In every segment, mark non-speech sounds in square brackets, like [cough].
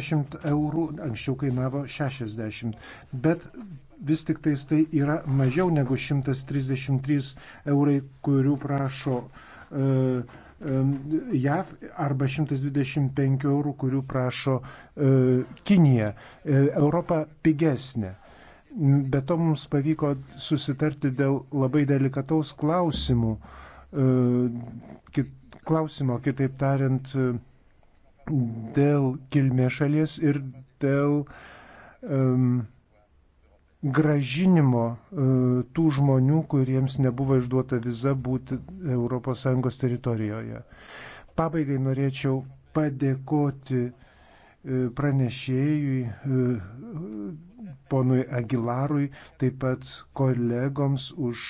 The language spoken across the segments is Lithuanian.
10 eurų, anksčiau kainavo 60, bet vis tik tais tai yra mažiau negu 133 eurai, kurių prašo uh, um, JAV arba 125 eurų, kurių prašo uh, Kinija. Uh, Europa pigesnė. Be to mums pavyko susitarti dėl labai delikataus klausimų. Kit, klausimo, kitaip tariant, dėl kilmės šalies ir dėl um, gražinimo uh, tų žmonių, kuriems nebuvo išduota viza būti ES teritorijoje. Pabaigai norėčiau padėkoti uh, pranešėjui, uh, ponui Agilarui, taip pat kolegoms už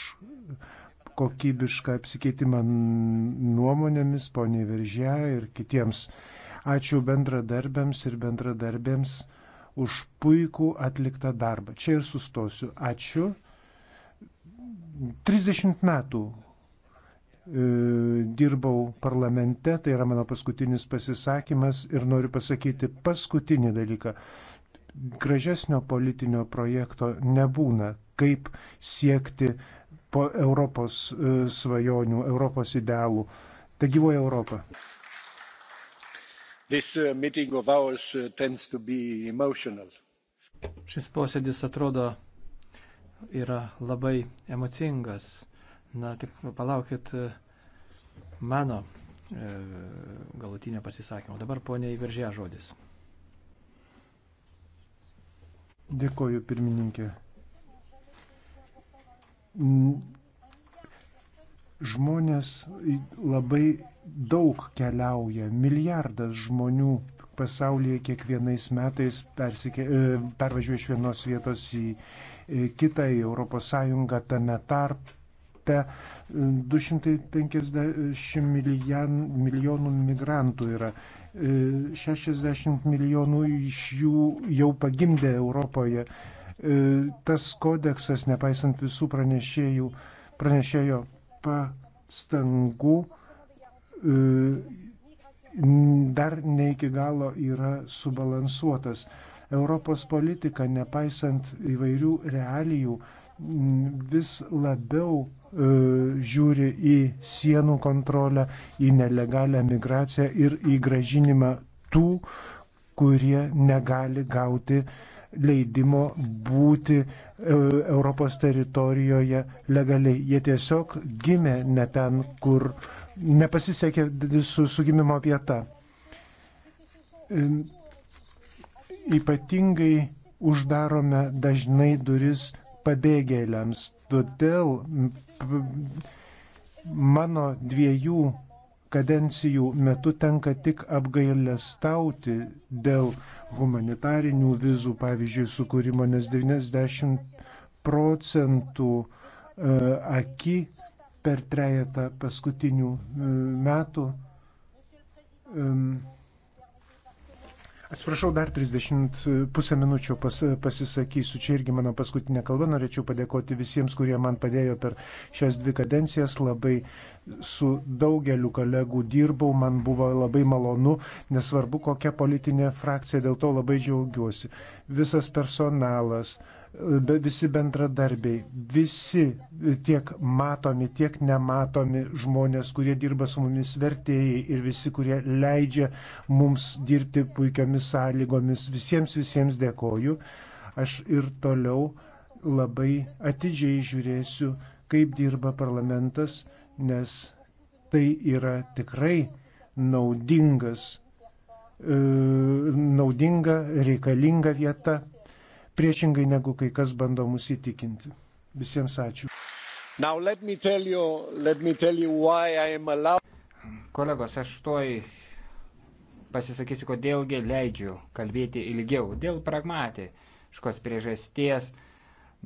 kokybišką apsikeitimą nuomonėmis, poniai Veržė ir kitiems uh, Ačiū bendradarbiams ir bendradarbėms už puikų atliktą darbą. Čia ir sustosiu. Ačiū. 30 metų e, dirbau parlamente, tai yra mano paskutinis pasisakymas ir noriu pasakyti paskutinį dalyką. Gražesnio politinio projekto nebūna, kaip siekti po Europos e, svajonių, Europos idealų. Te gyvoja Europa. This uh, meeting of ours uh, tends to be emotional. Šis posėdis atrodo yra labai emocingas. Na, tik palaukit uh, mano e, galutinio pasisakymo. Dabar ponia įveržė žodis. Dėkoju, pirmininkė. Žmonės labai daug keliauja, milijardas žmonių pasaulyje kiekvienais metais persikė, e, pervažiuoja iš vienos vietos į e, kitą, į Europos Sąjungą, tame tarpe 250 e, milijan, milijonų migrantų yra. 60 milijonų iš jų jau pagimdė Europoje. Tas kodeksas, nepaisant visų pranešėjų, pranešėjo pastangų, E, dar ne iki galo yra subalansuotas. Europos politika, nepaisant įvairių realijų, vis labiau e, žiūri į sienų kontrolę, į nelegalią migraciją ir į gražinimą tų, kurie negali gauti leidimo būti e, Europos teritorijoje legaliai. Jie tiesiog gimė ne ten, kur nepasisekė su, su gimimo vieta. E, ypatingai uždarome dažnai duris pabėgėliams. Todėl mano dviejų kadencijų metu tenka tik apgailestauti dėl humanitarinių vizų, pavyzdžiui, sukūrimo, nes 90 procentų e, aki per trejetą paskutinių e, metų. Atsiprašau, dar 30 e, pusę minučių pas, pasisakysiu. Čia irgi mano paskutinė kalba. Norėčiau padėkoti visiems, kurie man padėjo per šias dvi kadencijas. Labai su daugeliu kolegų dirbau. Man buvo labai malonu, nesvarbu kokia politinė frakcija, dėl to labai džiaugiuosi. Visas personalas, uh, be, visi bendradarbiai, visi e, tiek matomi, tiek nematomi žmonės, kurie dirba su mumis vertėjai ir visi, kurie leidžia mums dirbti puikiomis sąlygomis. Visiems, visiems dėkoju. Aš ir toliau labai atidžiai žiūrėsiu, kaip dirba parlamentas, nes tai yra tikrai naudingas, e, naudinga, reikalinga vieta priešingai negu kai kas bando mus įtikinti. Visiems ačiū. Now, let me tell you, let me tell you why I am allowed. Kolegos, aš toj pasisakysiu, kodėlgi leidžiu kalbėti ilgiau. Dėl pragmatiškos priežasties.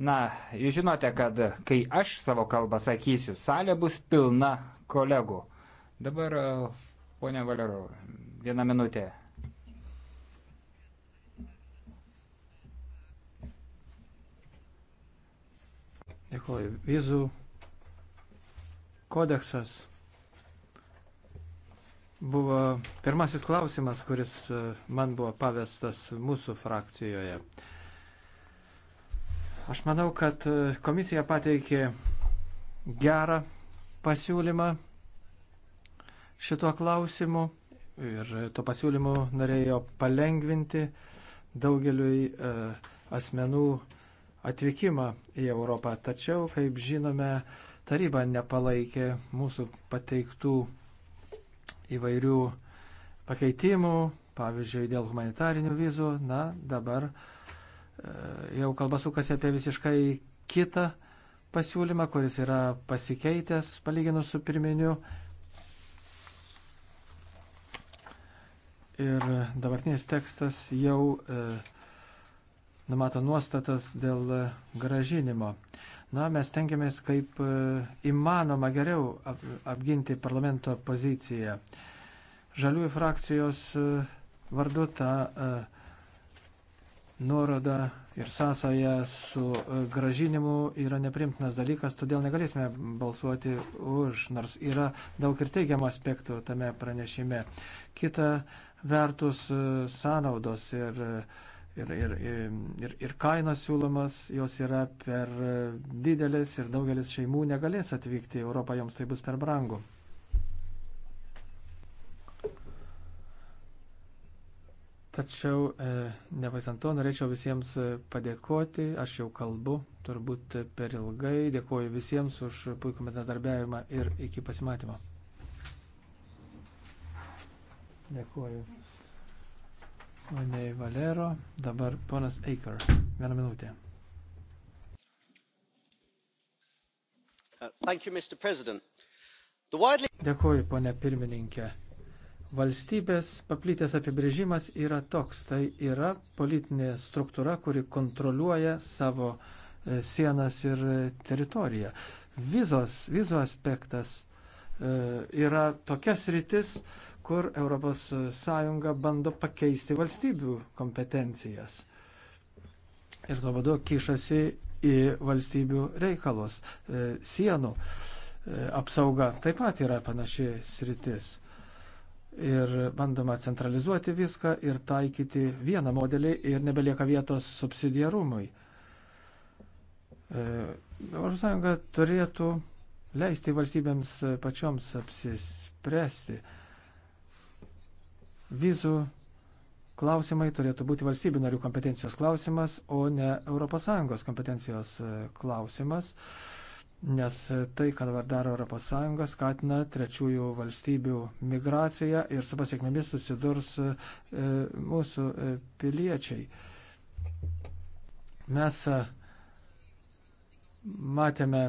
Na, jūs žinote, kad kai aš savo kalbą sakysiu, salė bus pilna kolegų. Dabar, e, ponia Valero, vieną minutę. Dėkuoju. Vizų kodeksas buvo pirmasis klausimas, kuris e, man buvo pavestas mūsų frakcijoje. Aš manau, kad e, komisija pateikė gerą pasiūlymą šituo klausimu ir to pasiūlymu norėjo palengvinti daugeliui e, asmenų atvykimą į Europą. Tačiau, kaip žinome, taryba nepalaikė mūsų pateiktų įvairių pakeitimų, pavyzdžiui, dėl humanitarinių vizų. Na, dabar e, jau kalba sukasi apie visiškai kitą pasiūlymą, kuris yra pasikeitęs palyginus su pirminiu. Ir dabartinis tekstas jau e, numato nuostatas dėl e, gražinimo. Na, mes tengiamės kaip e, įmanoma geriau apginti parlamento poziciją. Žaliųjų frakcijos e, vardu tą nuorodą ir sąsąją su gražinimu yra neprimtinas dalykas, todėl negalėsime balsuoti už, nors yra daug ir teigiamų aspektų tame pranešime. Kita vertus, sąnaudos ir uh, ir, ir, ir, ir kainos siūlomas, jos yra per didelis ir daugelis šeimų negalės atvykti į Europą, joms tai bus per brangu. Tačiau, e, nepaisant to, norėčiau visiems padėkoti, aš jau kalbu, turbūt per ilgai, dėkoju visiems už puikų bendradarbiavimą ir iki pasimatymo. Dėkoju poniai Valero, dabar ponas Eiker. Vieną minutę. Uh, Dėkuoju, ponė pirmininkė. Valstybės paplitęs apibrėžimas yra toks. Tai yra politinė struktūra, kuri kontroliuoja savo e, sienas ir e, teritoriją. Vizos, vizų aspektas e, yra tokias rytis, kur ES bando pakeisti valstybių kompetencijas. Ir tuo būdu kišasi į valstybių reikalus. E, sienų e, apsauga taip pat yra panaši sritis. Ir bandoma centralizuoti viską ir taikyti vieną modelį ir nebelieka vietos subsidiarumui. ES turėtų leisti valstybėms pačioms apsispręsti Vizų klausimai turėtų būti valstybių narių kompetencijos klausimas, o ne ES kompetencijos e, klausimas, nes e, tai, ką dabar daro ES, skatina trečiųjų valstybių migraciją ir su pasiekmėmis susidurs e, mūsų piliečiai. Mes matėme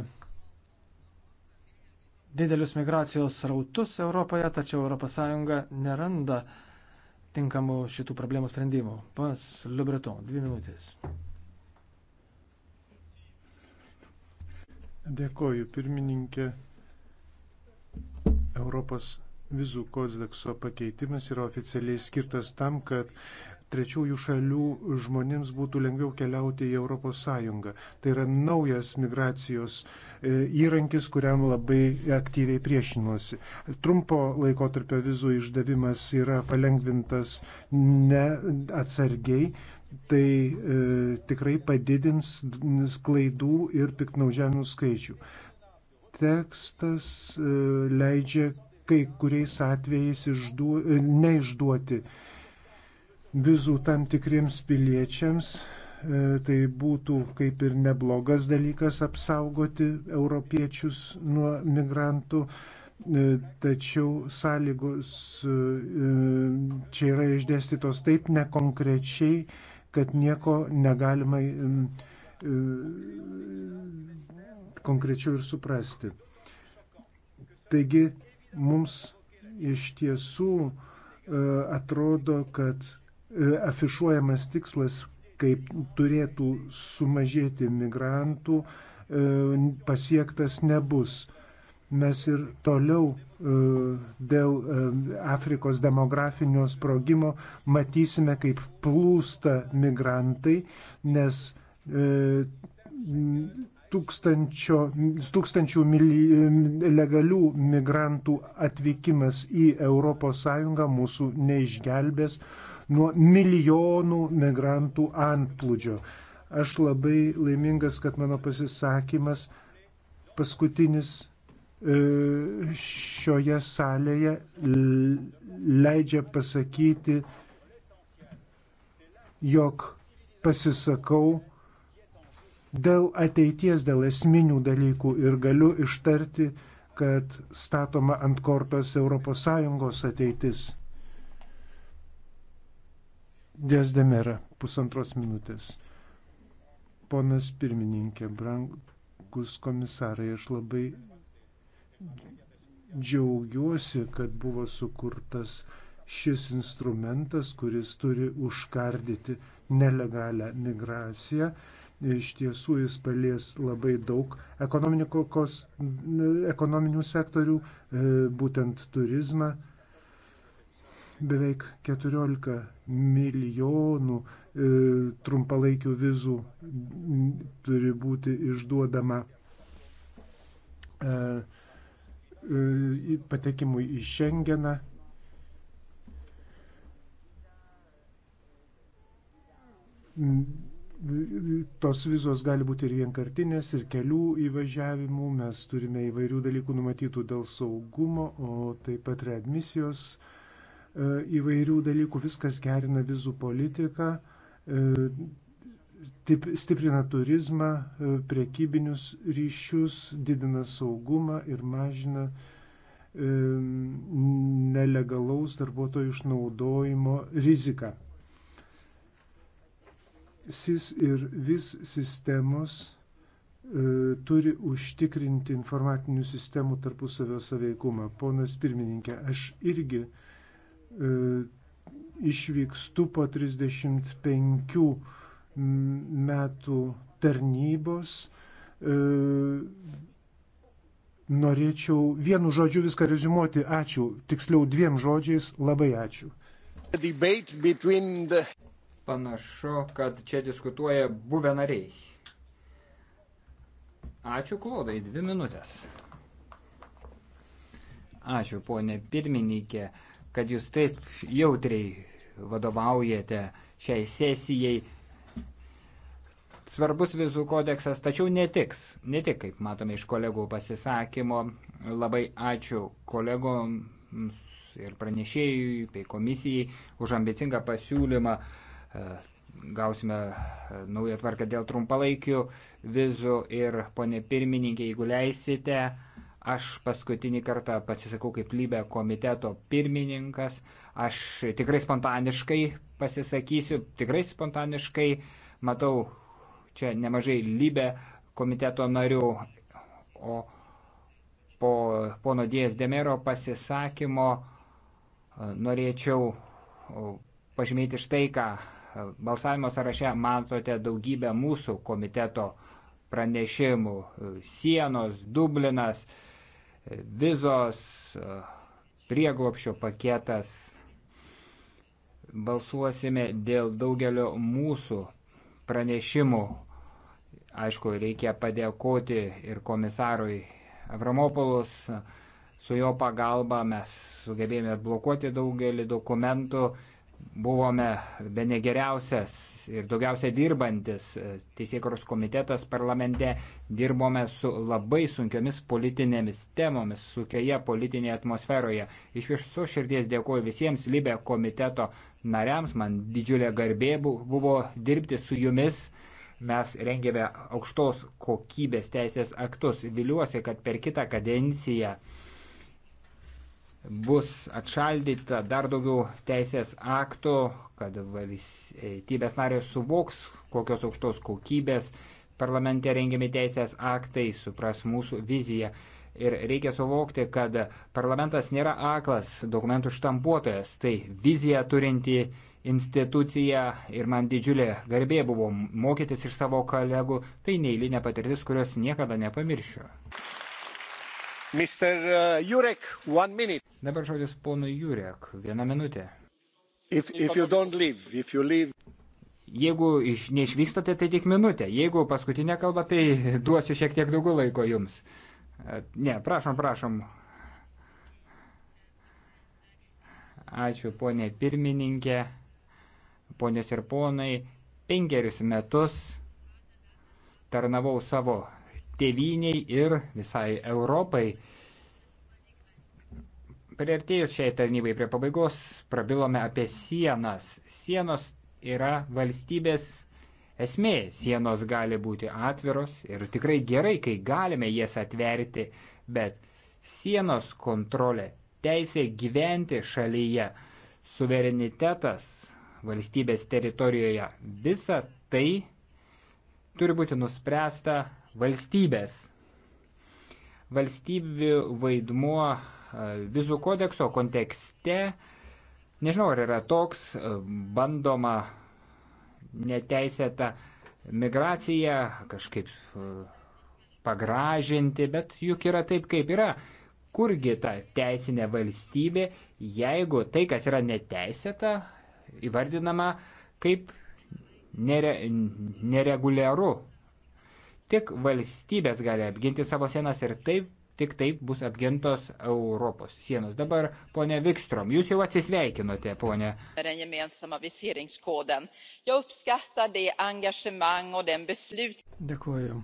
didelius migracijos rautus Europoje, tačiau ES neranda uh, tinkamų šitų problemų sprendimų. Pas Liubreton, dvi minutės. Dėkoju, pirmininkė. Europos vizų kodekso pakeitimas yra oficialiai skirtas tam, kad trečiųjų šalių žmonėms būtų lengviau keliauti į ES. Tai yra naujas migracijos e, įrankis, kuriam labai aktyviai priešinuosi. Trumpo laiko tarp vizų išdavimas yra palengvintas neatsargiai. Tai e, tikrai padidins klaidų ir piknaudžiamų skaičių. Tekstas e, leidžia kai kuriais atvejais išduo, e, neišduoti vizų tam tikriems piliečiams. E, tai būtų kaip ir neblogas dalykas apsaugoti europiečius nuo migrantų, e, tačiau sąlygos e, čia yra išdėstytos taip nekonkrečiai, kad nieko negalima konkrečiau ir suprasti. Taigi mums iš tiesų atrodo, kad E, afišuojamas tikslas, kaip turėtų sumažėti migrantų, e, pasiektas nebus. Mes ir toliau e, dėl Afrikos demografinio sprogimo matysime, kaip plūsta migrantai, nes tūkstančio, tūkstančių mili, legalių migrantų atvykimas į ES mūsų neišgelbės, nuo milijonų migrantų antplūdžio. Aš labai laimingas, kad mano pasisakymas paskutinis e, šioje salėje leidžia pasakyti, jog pasisakau dėl ateities, dėl esminių dalykų ir galiu ištarti, kad statoma ant kortos ES ateitis. Diezdemera, pusantros minutės. Ponas pirmininkė, brangus komisarai, aš labai džiaugiuosi, kad buvo sukurtas šis instrumentas, kuris turi užkardyti nelegalią migraciją. Iš tiesų jis palies labai daug ekonominių sektorių, e, būtent turizmą, beveik 14 milijonų e, trumpalaikių vizų turi būti išduodama e, e, patekimui į Šengeną. Tos vizos gali būti ir vienkartinės, ir kelių įvažiavimų. Mes turime įvairių dalykų numatytų dėl saugumo, o taip pat readmisijos e, E, įvairių dalykų, viskas gerina vizų politiką, e, stiprina turizmą, e, priekybinius ryšius, didina saugumą ir mažina nelegalaus darbuotojų išnaudojimo riziką. SIS ir vis sistemos turi užtikrinti informatinių sistemų tarpusavio saveikumą. Ponas pirmininkė, aš irgi uh, E, išvykstu po 35 metų tarnybos. E, norėčiau vienu žodžiu viską rezumuoti. Ačiū. Tiksliau dviem žodžiais. Labai ačiū. Panašu, kad čia diskutuoja buvę nariai. Ačiū, Klodai, dvi minutės. Ačiū, ponė pirmininkė kad jūs taip jautriai vadovaujate šiai sesijai. Svarbus vizų kodeksas, tačiau netiks, ne tik, kaip matome iš kolegų pasisakymo, labai ačiū kolegoms ir pranešėjui bei komisijai už ambicingą pasiūlymą. E, gausime e, naują tvarką dėl trumpalaikių vizų ir, ponė pirmininkė, jeigu leisite, Aš paskutinį kartą pasisakau kaip lybė komiteto pirmininkas. Aš tikrai spontaniškai pasisakysiu, tikrai spontaniškai. Matau čia nemažai lybė komiteto narių. O po pono Dijas Demero pasisakymo e, norėčiau e, pažymėti štai ką. E, balsavimo sąraše matote daugybę mūsų komiteto pranešimų. Sienos, Dublinas, vizos, prieglopšio paketas. Balsuosime dėl daugelio mūsų pranešimų. Aišku, reikia padėkoti ir komisarui Avramopolus. Su jo pagalba mes sugebėjome atblokuoti daugelį dokumentų buvome be negeriausias ir daugiausia dirbantis e, Teisėkuros komitetas parlamente, dirbome su labai sunkiomis politinėmis temomis, sunkioje politinėje atmosferoje. Iš viso širdies dėkuoju visiems Libė komiteto nariams, man didžiulė garbė buvo dirbti su jumis. Mes rengėme aukštos kokybės teisės aktus. Viliuosi, kad per kitą kadenciją bus atšaldyta dar daugiau teisės aktų, kad valstybės narės suvoks, kokios aukštos kokybės parlamente rengiami teisės aktai, supras mūsų viziją. Ir reikia suvokti, kad parlamentas nėra aklas dokumentų štampuotojas, tai viziją turinti institucija ir man didžiulė garbė buvo mokytis iš savo kolegų, tai neįlinė patirtis, kurios niekada nepamiršiu. Mr. Uh, Jurek, one minute. Dabar žodis ponui Jurek, viena minutė. If, if you don't leave, if you leave. Jeigu iš, neišvykstate, tai tik minutė. Jeigu paskutinę kalbą, tai [laughs] duosiu šiek tiek daugiau laiko jums. E, ne, prašom, prašom. Ačiū, ponė pirmininkė, ponės ir ponai. Penkeris metus tarnavau savo tėviniai ir visai Europai. Priartėjus šiai tarnybai prie pabaigos prabilome apie sienas. Sienos yra valstybės esmė. Sienos gali būti atviros ir tikrai gerai, kai galime jas atverti, bet sienos kontrolė, teisė gyventi šalyje, suverenitetas valstybės teritorijoje, visa tai turi būti nuspręsta valstybės. Valstybių vaidmuo e, vizų kodekso kontekste, nežinau ar yra toks, e, bandoma neteisėta migracija kažkaip e, pagražinti, bet juk yra taip, kaip yra. Kurgi ta teisinė valstybė, jeigu tai, kas yra neteisėta, įvardinama kaip nere, nereguliaru Tik valstybės gali apginti savo sienas ir taip, tik taip bus apgintos Europos sienos. Dabar, ponė Vikstrom, jūs jau atsisveikinote, ponė. Dėkuoju.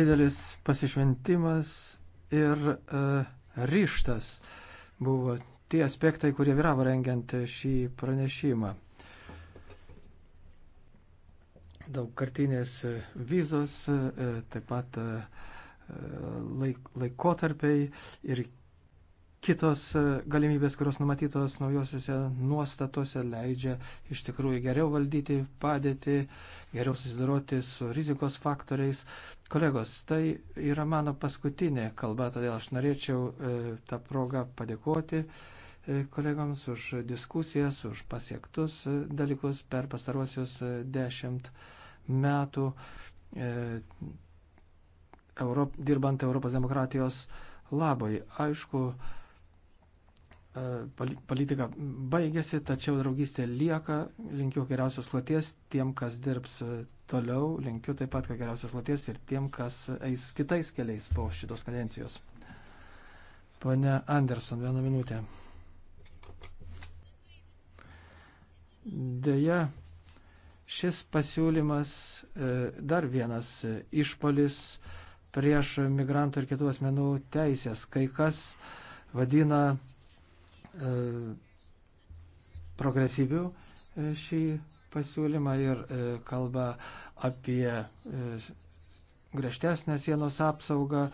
Didelis pasišventimas ir e, ryštas buvo tie aspektai, kurie vyravo rengiant šį pranešimą daugkartinės e, vizos, e, e, taip pat laik, laikotarpiai ir kitos galimybės, kurios numatytos naujosiuose nuostatose, leidžia iš tikrųjų geriau valdyti padėtį, geriau susidoroti su rizikos faktoriais. Kolegos, tai yra mano paskutinė kalba, todėl aš norėčiau e, tą progą padėkoti E, kolegoms už diskusijas, už pasiektus e, dalykus per pastaruosius e, dešimt metų Europ, dirbant Europos demokratijos labai. Aišku, politika baigėsi, tačiau draugystė lieka. Linkiu geriausios kloties tiem, kas dirbs toliau. Linkiu taip pat, kad geriausios kloties ir tiem, kas eis kitais keliais po šitos kadencijos. Pane Anderson, vieną minutę. Deja, šis pasiūlymas e, dar vienas išpolis prieš migrantų ir kitų asmenų teisės. Kai kas vadina e, progresyviu e, šį pasiūlymą ir kalba apie griežtesnę sienos apsaugą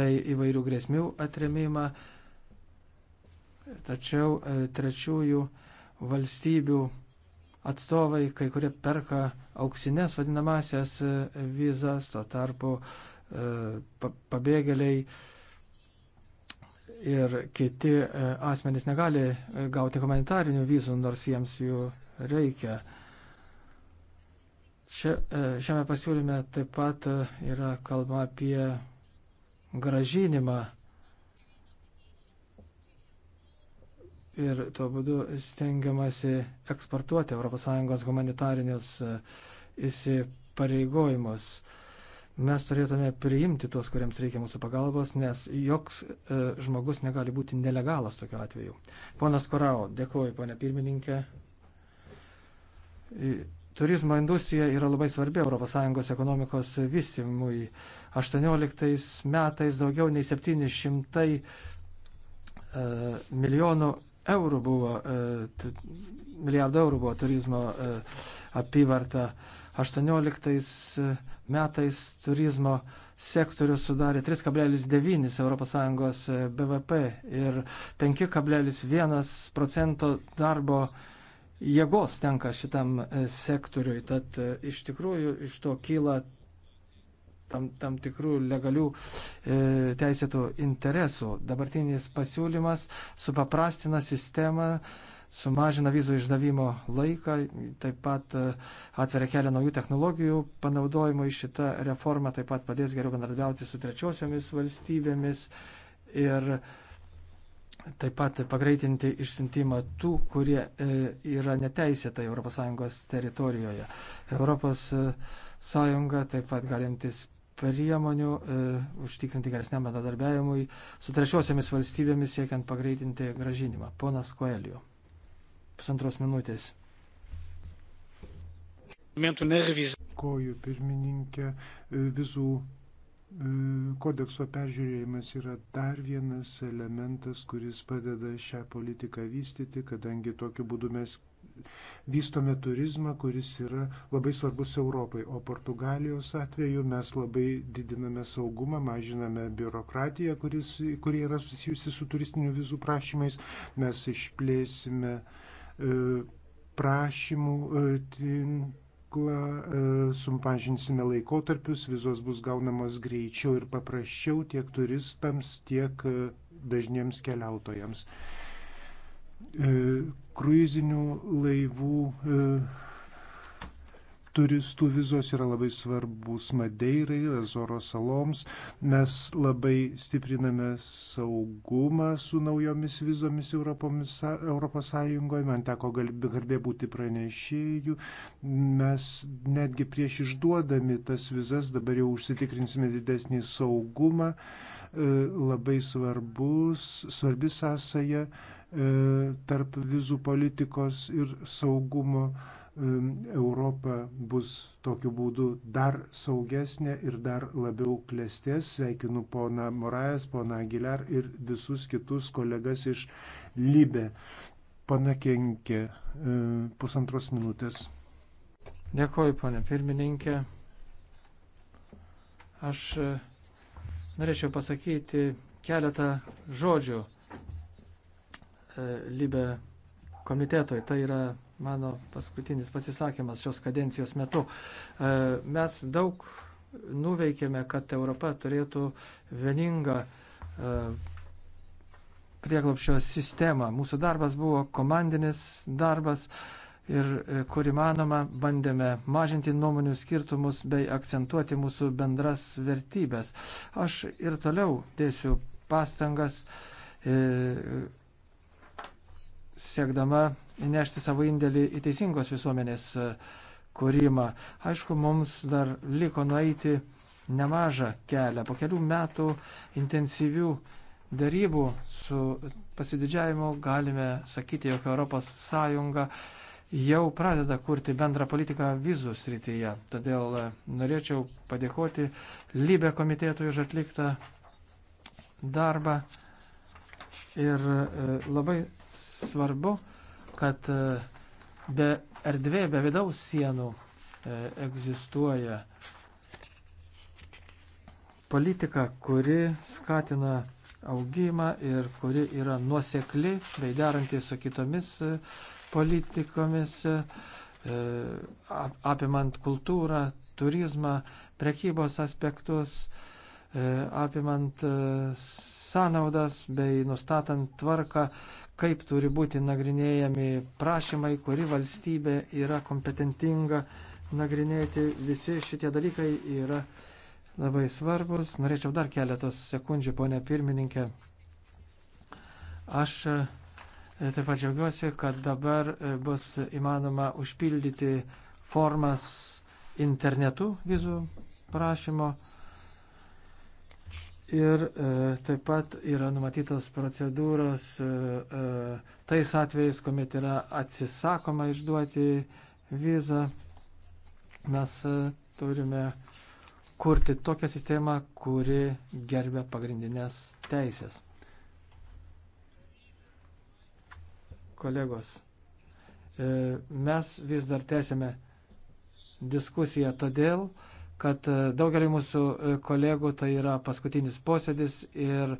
bei įvairių grėsmių atremimą. Tačiau trečiųjų valstybių atstovai, kai kurie perka auksinės vadinamasias e, vizas, tuo tarpu e, pabėgėliai ir kiti e, asmenys negali gauti humanitarinių vizų, nors jiems jų reikia. Šia, šiame pasiūlyme taip pat yra kalba apie gražinimą ir tuo būdu stengiamasi eksportuoti ES humanitarinius e, įsipareigojimus. Mes turėtume priimti tuos, kuriems reikia mūsų pagalbos, nes joks e, žmogus negali būti nelegalas tokiu atveju. Ponas Korao, dėkuoju, ponė pirmininkė. Turizmo industrija yra labai svarbi ES ekonomikos vystymui. 18 metais daugiau nei 700 e, milijonų eurų buvo, e, milijardo eurų buvo turizmo e, apyvarta. 18 e, metais turizmo sektorius sudarė 3,9 ES BVP ir 5,1 procento darbo jėgos tenka šitam sektoriui. Tad iš tikrųjų iš to kyla tam, tam tikrų legalių e, teisėtų interesų. Dabartinis pasiūlymas supaprastina sistemą, sumažina vizų išdavimo laiką, taip pat e, atveria kelią naujų technologijų panaudojimui. Šita reforma taip pat padės geriau bendradarbiauti su trečiosiomis valstybėmis ir taip pat pagreitinti išsiuntimą tų, kurie e, yra neteisėtai ES teritorijoje. ES e, taip pat galintis priemonių e, užtikrinti geresniam bendradarbiavimui su trečiosiamis valstybėmis siekiant pagreitinti gražinimą. Ponas Koelio. Pusantros minutės. Koju pirmininkė e, vizų e, kodekso peržiūrėjimas yra dar vienas elementas, kuris padeda šią politiką vystyti, kadangi tokiu būdu mes vystome turizmą, kuris yra labai svarbus Europai. O Portugalijos atveju mes labai didiname saugumą, mažiname biurokratiją, kuris, kurie yra susijusi su turistinių vizų prašymais. Mes išplėsime e, prašymų e, tinklą, e, sumpažinsime laikotarpius, vizos bus gaunamos greičiau ir paprasčiau tiek turistams, tiek dažniems keliautojams. E, kruizinių laivų e, turistų vizos yra labai svarbus Madeirai, Azoro saloms. Mes labai stipriname saugumą su naujomis vizomis Europomis, Europos Sąjungoje. Man teko garbė būti pranešėjų. Mes netgi prieš išduodami tas vizas dabar jau užsitikrinsime didesnį saugumą. E, labai svarbus, svarbi sąsaja E, tarp vizų politikos ir saugumo e, Europa bus tokiu būdu dar saugesnė ir dar labiau klėstės. Sveikinu pona Morajas, pona Aguilar ir visus kitus kolegas iš Libė. Pana Kenkė, e, pusantros minutės. Dėkuoju, ponė pirmininkė. Aš norėčiau pasakyti keletą žodžių E, Libe komitetui. Tai yra mano paskutinis pasisakymas šios kadencijos metu. E, mes daug nuveikėme, kad Europa turėtų vieningą e, prieglopščio sistemą. Mūsų darbas buvo komandinis darbas ir kur įmanoma bandėme mažinti nuomonių skirtumus bei akcentuoti mūsų bendras vertybės. Aš ir toliau dėsiu pastangas siekdama nešti savo indėlį į teisingos visuomenės e, kūrimą. Aišku, mums dar liko nueiti nemažą kelią. Po kelių metų intensyvių darybų su pasididžiavimu galime sakyti, jog ES jau pradeda kurti bendrą politiką vizų srityje. Todėl e, norėčiau padėkoti Lybė komitetui už atliktą darbą. Ir e, labai svarbu, kad e, be erdvė, be vidaus sienų e, egzistuoja politika, kuri skatina augimą ir kuri yra nuosekli bei deranti su kitomis e, politikomis, apimant kultūrą, turizmą, prekybos aspektus, apimant sąnaudas bei nustatant tvarką kaip turi būti nagrinėjami prašymai, kuri valstybė yra kompetentinga nagrinėti. Visi šitie dalykai yra labai svarbus. Norėčiau dar keletos sekundžių, ponė pirmininkė. Aš e, taip pat džiaugiuosi, kad dabar e, bus įmanoma užpildyti formas internetu vizų prašymo Ir e, taip pat yra numatytos procedūros e, e, tais atvejais, kuomet yra atsisakoma išduoti vizą. Mes e, turime kurti tokią sistemą, kuri gerbė pagrindinės teisės. Kolegos, e, mes vis dar tęsėme diskusiją todėl, e, kad e, daugeliu mūsų e, kolegų tai yra paskutinis posėdis ir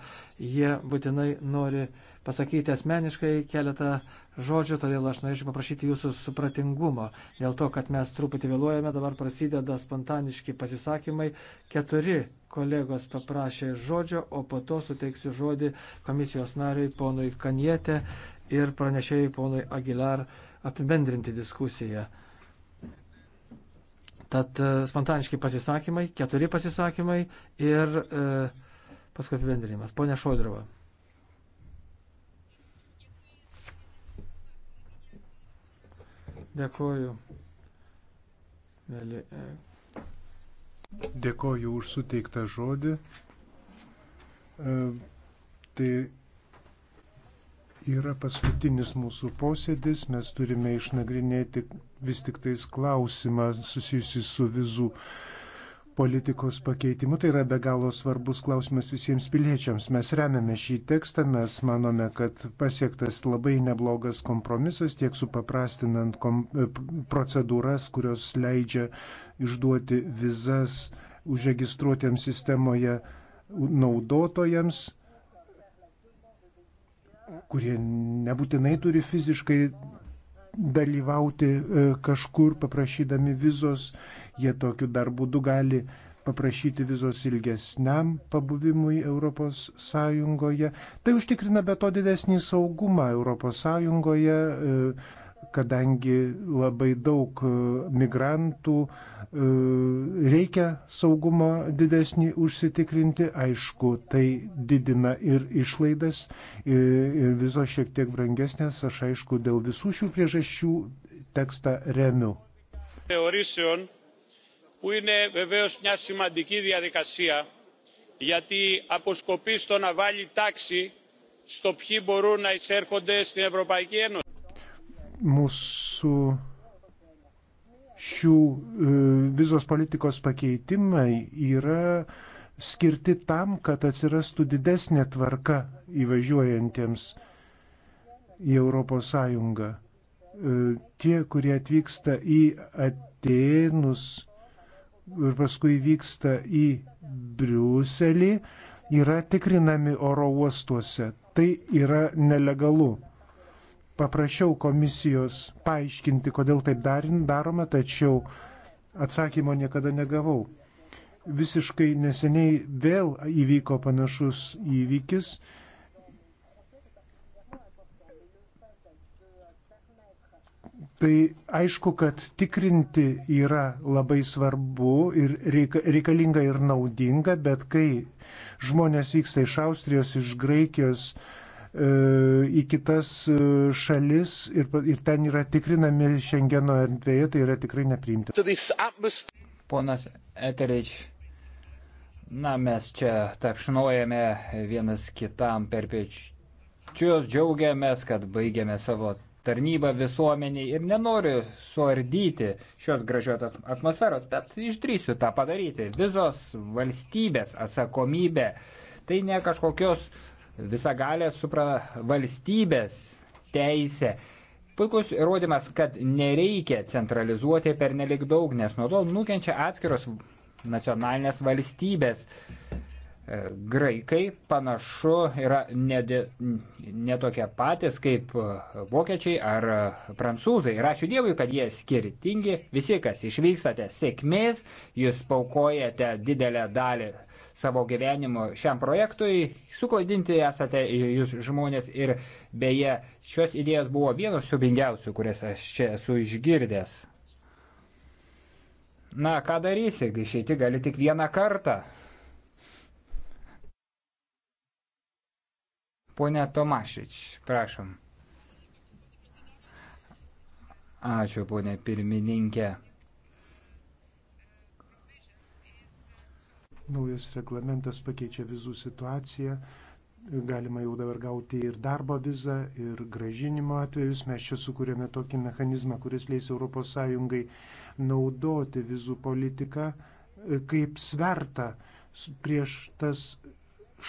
jie būtinai nori pasakyti asmeniškai keletą žodžių, todėl aš norėčiau paprašyti jūsų supratingumo. Dėl to, kad mes truputį vėluojame, dabar prasideda spontaniški pasisakymai. Keturi kolegos paprašė žodžio, o po to suteiksiu žodį komisijos nariai ponui Kanietė ir pranešėjai ponui Aguilar apibendrinti diskusiją. Tad e, spontaniški pasisakymai, keturi pasisakymai ir e, paskui apibendrinimas. Pone Šodrova. Dėkuoju. Mėly. E. Dėkoju už suteiktą žodį. E, tai yra paskutinis mūsų posėdis. Mes turime išnagrinėti vis tik tais klausimą susijusi su vizų politikos pakeitimu. Tai yra be galo svarbus klausimas visiems piliečiams. Mes remiame šį tekstą, mes manome, kad pasiektas labai neblogas kompromisas, tiek supaprastinant kom procedūras, kurios leidžia išduoti vizas užregistruotiems sistemoje naudotojams kurie nebūtinai turi fiziškai dalyvauti e, kažkur paprašydami vizos, jie tokiu dar būdu gali paprašyti vizos ilgesniam pabuvimui ES. Tai užtikrina be to didesnį saugumą ES kadangi labai daug e, migrantų e, reikia saugumo didesnį užsitikrinti, aišku, tai didina ir išlaidas ir viso šiek tiek brangesnės, aš aišku, dėl visų šių priežasčių tekstą remiu. Θεωρήσεων που είναι βεβαίως μια σημαντική διαδικασία γιατί αποσκοπεί στο να βάλει τάξη στο ποιοι μπορούν να εισέρχονται στην ευρωπαϊκή ένωση mūsų šių e, vizos politikos pakeitimai yra skirti tam, kad atsirastų didesnė tvarka įvažiuojantiems į ES. E, tie, kurie atvyksta į Atenus ir paskui vyksta į Briuselį, yra tikrinami oro uostuose. Tai yra nelegalu. Paprašiau komisijos paaiškinti, kodėl taip daroma, tačiau atsakymo niekada negavau. Visiškai neseniai vėl įvyko panašus įvykis. Tai aišku, kad tikrinti yra labai svarbu ir reikalinga ir naudinga, bet kai žmonės vyksta iš Austrijos, iš Graikijos, uh, E, į kitas e, šalis ir, ir ten yra tikrinami Šengeno erdvėje, tai yra tikrai nepriimtina. Ponas Eterič, na mes čia tapšnojame vienas kitam per pečius, džiaugiamės, kad baigėme savo tarnybą visuomeniai ir nenoriu suardyti šios gražios atmosferos, bet išdrysiu tą padaryti. Vizos valstybės atsakomybė tai ne kažkokios visagalę supra valstybės teisę. Puikus įrodymas, kad nereikia centralizuoti per nelik daug, nes nuo to nukenčia atskiros nacionalinės valstybės. E, graikai panašu yra netokie ne, ne patys kaip e, vokiečiai ar e, prancūzai. Ir ačiū Dievui, kad jie skirtingi. Visi, kas išvykstate sėkmės, jūs paukojate didelę dalį savo gyvenimu šiam projektui, suklaidinti esate jūs žmonės ir beje, šios idėjos buvo vienos siubingiausių, kurias aš čia esu išgirdęs. Na, ką darysi, išeiti gali tik vieną kartą. Pone Tomašič, prašom. Ačiū, ponė pirmininkė. Naujas reglamentas pakeičia vizų situaciją. Galima jau dabar gauti ir darbo vizą, ir gražinimo atvejus. Mes čia sukūrėme tokį mechanizmą, kuris leis ES naudoti vizų politiką e, kaip svertą prieš tas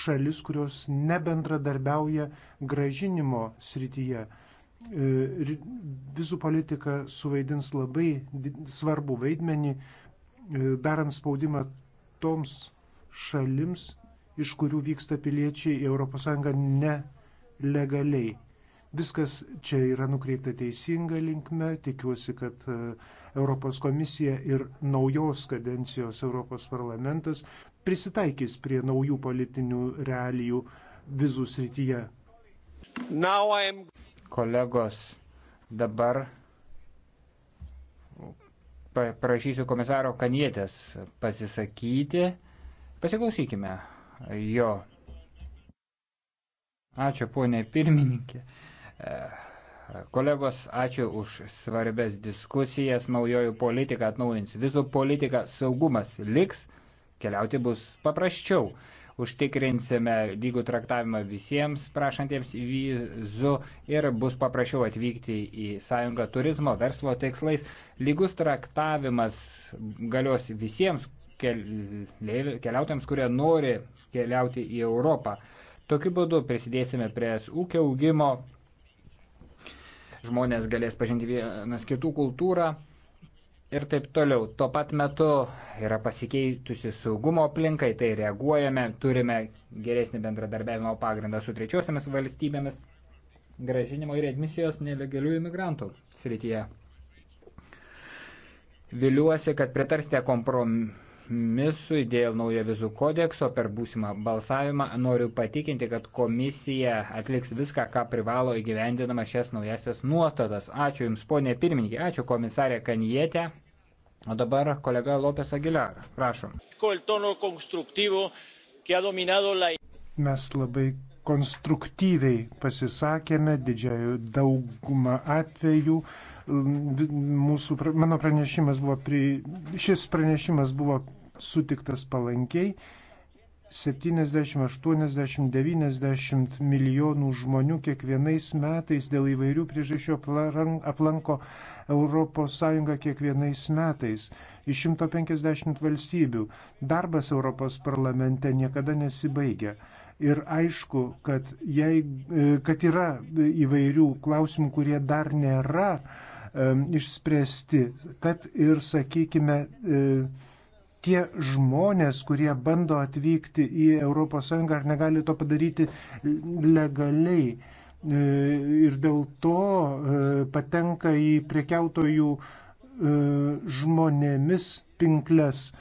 šalis, kurios nebendradarbiauja gražinimo srityje e, vizų politika suvaidins labai svarbu vaidmenį, e, darant spaudimą toms šalims, iš kurių vyksta piliečiai į ES nelegaliai. Viskas čia yra nukreipta teisinga linkme. Tikiuosi, kad e, Europos komisija ir naujos kadencijos Europos parlamentas prisitaikys prie naujų politinių realijų vizų srityje. Am... Kolegos, dabar Prašysiu komisaro Kanietės pasisakyti. Pasiklausykime jo. Ačiū, ponė pirmininkė. E, kolegos, ačiū už svarbės diskusijas. Naujojų politika atnaujins vizų politiką, saugumas liks, keliauti bus paprasčiau užtikrinsime lygų traktavimą visiems prašantiems vizų ir bus paprasčiau atvykti į sąjungą turizmo verslo tikslais. Lygus traktavimas galios visiems keliautėms, kurie nori keliauti į Europą. Tokiu būdu prisidėsime prie ūkio augimo, žmonės galės pažinti vienas kitų kultūrą ir taip toliau. Tuo pat metu yra pasikeitusi saugumo aplinkai, tai reaguojame, turime geresnį bendradarbiavimo pagrindą su trečiosiamis valstybėmis gražinimo ir admisijos nelegalių imigrantų srityje. Viliuosi, kad pritarsite kompromisą kompromisui dėl naujo vizų kodekso per būsimą balsavimą. Noriu patikinti, kad komisija atliks viską, ką privalo įgyvendinama šias naujasias nuostatas. Ačiū Jums, ponė pirmininkė, ačiū komisarė Kanietė. O dabar kolega Lopės Aguilar, prašom. Mes labai konstruktyviai pasisakėme didžiąją daugumą atvejų. Mūsų, mano pranešimas buvo, pri, šis pranešimas buvo sutiktas palankiai. 70, 80, 90 milijonų žmonių kiekvienais metais dėl įvairių priežasčių aplanko ES kiekvienais metais iš 150 valstybių. Darbas Europos parlamente niekada nesibaigia. Ir aišku, kad, jei, e, kad yra įvairių klausimų, kurie dar nėra išspręsti, kad ir, sakykime, e, tie žmonės, kurie bando atvykti į ES ar negali to padaryti legaliai e, ir dėl to e, patenka į prekiautojų žmonėmis pinkles.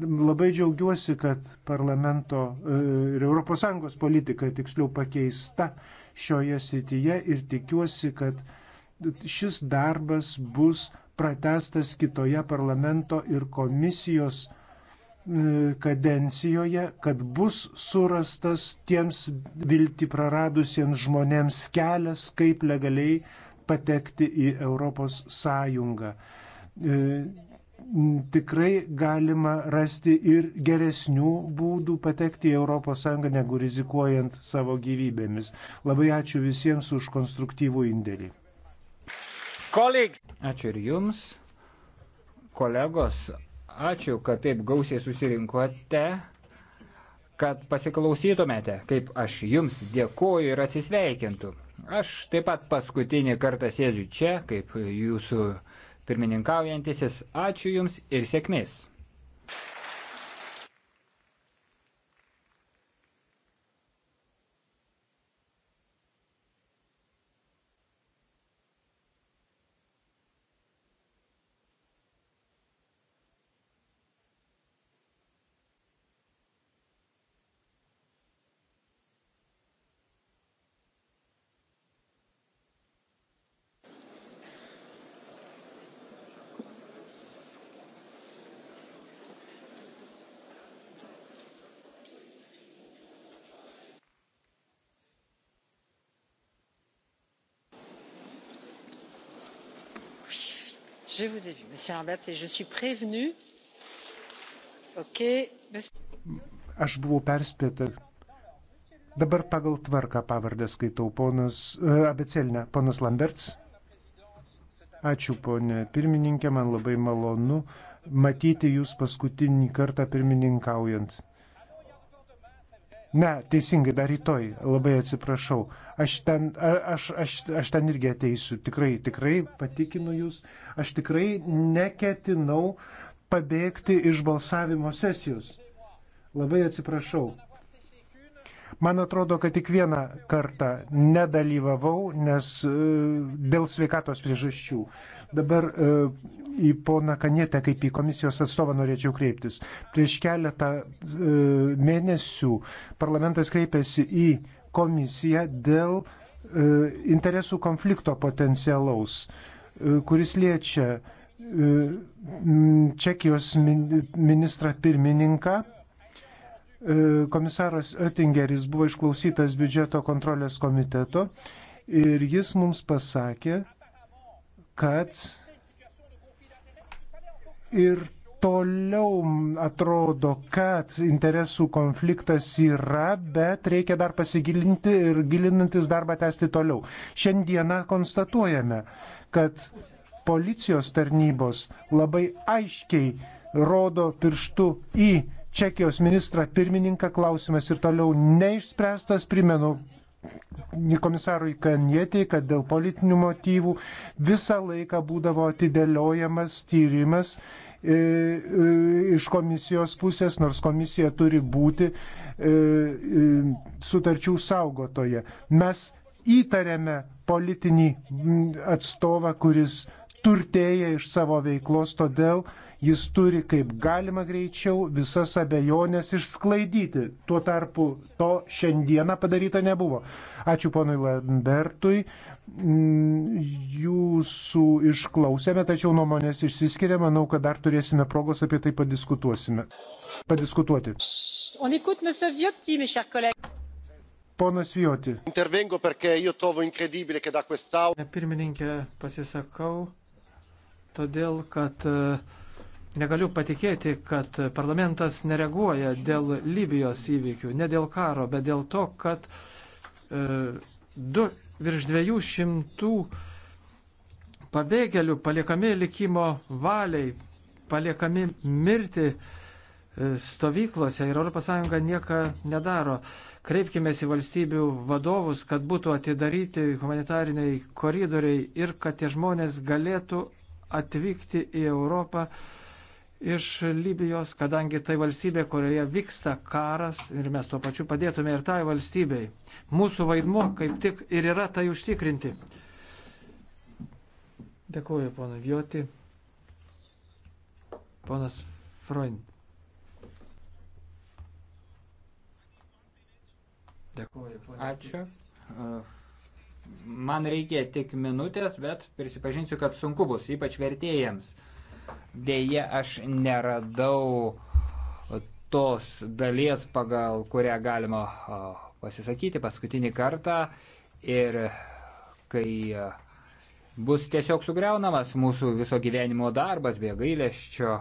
Labai džiaugiuosi, kad parlamento ir ES politika tiksliau pakeista šioje srityje ir tikiuosi, kad šis darbas bus pratestas kitoje parlamento ir komisijos e, kadencijoje, kad bus surastas tiems vilti praradusiems žmonėms kelias, kaip legaliai patekti į Europos Sąjungą. E, tikrai galima rasti ir geresnių būdų patekti į Europos Sąjungą, negu rizikuojant savo gyvybėmis. Labai ačiū visiems už konstruktyvų indėlį. Ačiū ir jums, kolegos. Ačiū, kad taip gausiai susirinkote, kad pasiklausytumėte, kaip aš jums dėkuoju ir atsisveikintų. Aš taip pat paskutinį kartą sėdžiu čia, kaip jūsų pirmininkaujantisis. Ačiū jums ir sėkmės. je vous ai vu monsieur Arbatz et je suis prévenue. Ok. Aš buvau perspėta. Dabar pagal tvarką pavardę skaitau ponas, e, abecelinę, ponas Lamberts. Ačiū ponė pirmininkė, man labai malonu matyti jūs paskutinį kartą pirmininkaujant. Ne, teisingai, dar rytoj, labai atsiprašau. Aš ten, aš, aš, aš ten irgi ateisiu, tikrai, tikrai patikinu jūs. Aš tikrai neketinau pabėgti iš balsavimo sesijos. Labai atsiprašau. Man atrodo, kad tik vieną kartą nedalyvavau, nes e, dėl sveikatos priežasčių. Dabar e, į poną Kanietę kaip į komisijos atstovą norėčiau kreiptis. Prieš keletą e, mėnesių parlamentas kreipėsi į komisiją dėl interesų konflikto potencialaus, kuris liečia Čekijos ministrą pirmininką E, komisaras Oettingeris buvo išklausytas biudžeto kontrolės komiteto ir jis mums pasakė, kad ir toliau atrodo, kad interesų konfliktas yra, bet reikia dar pasigilinti ir gilinantis darbą tęsti toliau. Šiandieną konstatuojame, kad policijos tarnybos labai aiškiai rodo pirštu į Čekijos ministrą pirmininką klausimas ir toliau neišspręstas. Primenu komisarui Kanietei, kad dėl politinių motyvų visą laiką būdavo atidėliojamas tyrimas e, e, iš komisijos pusės, nors komisija turi būti e, sutarčių saugotoje. Mes įtariame politinį atstovą, kuris turtėja iš savo veiklos, todėl uh, Jis turi kaip galima greičiau visas abejonės išsklaidyti. Tuo tarpu to šiandieną padaryta nebuvo. Ačiū ponui Lambertui. Mm, jūsų išklausėme, tačiau nuomonės išsiskiria. Manau, kad dar turėsime progos apie tai padiskutuosime. Padiskutuoti. Ponas Vijoti. Intervengo perché io trovo incredibile che da quest'aula. Pirmininkė, pasisakau, todėl kad uh, Negaliu patikėti, kad parlamentas nereaguoja dėl Libijos įvykių, ne dėl karo, bet dėl to, kad e, du, virš dviejų šimtų pabėgėlių paliekami likimo valiai, paliekami mirti e, stovyklose ir ES nieko nedaro. Kreipkime į valstybių vadovus, kad būtų atidaryti humanitariniai koridoriai ir kad tie žmonės galėtų atvykti į Europą iš Libijos, kadangi tai valstybė, kurioje vyksta karas ir mes tuo pačiu padėtume ir tai valstybei. Mūsų vaidmo kaip tik ir yra tai užtikrinti. Dėkuoju, ponui Vjoti. Ponas Freund. Dėkuoju, ponui. Ačiū. Uh man reikia tik minutės, bet prisipažinsiu, kad sunku bus, ypač vertėjams. Deja, aš neradau tos dalies, pagal kurią galima pasisakyti paskutinį kartą ir kai bus tiesiog sugriaunamas mūsų viso gyvenimo darbas be gailesčio.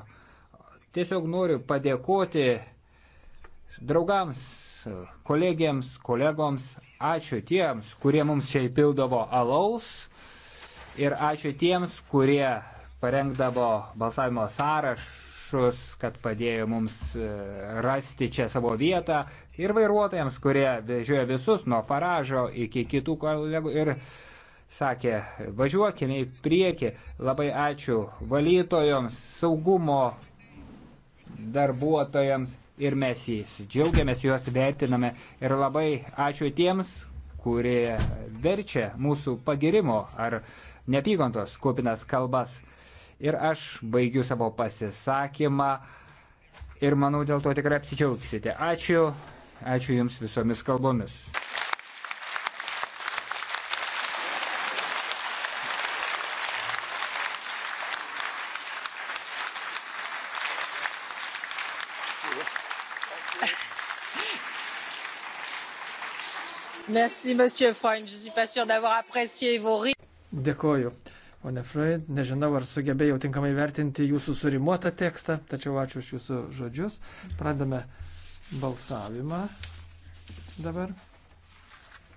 Tiesiog noriu padėkoti draugams, kolegiams, kolegoms, ačiū tiems, kurie mums čia įpildavo alaus ir ačiū tiems, kurie parengdavo balsavimo sąrašus, kad padėjo mums e, rasti čia savo vietą ir vairuotojams, kurie vežioja visus nuo Faražo iki kitų kolegų ir sakė, važiuokime į priekį, labai ačiū valytojams, saugumo darbuotojams ir mes jais džiaugiamės, juos vertiname ir labai ačiū tiems, kurie verčia mūsų pagirimo ar neapykantos kupinas kalbas ir aš baigiu savo pasisakymą ir manau dėl to tikrai apsidžiaugsite. Ačiū, ačiū Jums visomis kalbomis. Merci, monsieur Freund. Je suis pas sûre d'avoir apprécié vos rires. Dėkoju o ne Freud. Nežinau, ar sugebėjau tinkamai vertinti jūsų surimuotą tekstą, tačiau ačiū už jūsų žodžius. Pradame balsavimą dabar.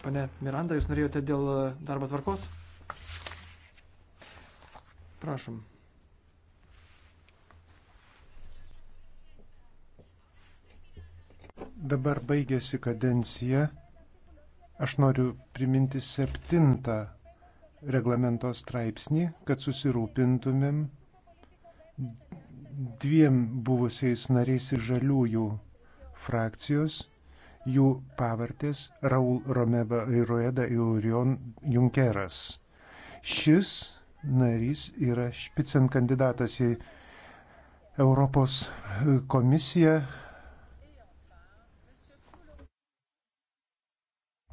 Pane Miranda, jūs norėjote dėl darbo tvarkos? Prašom. Dabar baigėsi kadencija. Aš noriu priminti septintą reglamento straipsnį, kad susirūpintumėm dviem buvusiais nariais iš žaliųjų frakcijos, jų pavardės Raul Romeva ir Rueda Iurion Junkeras. Šis narys yra špicen kandidatas į Europos komisiją.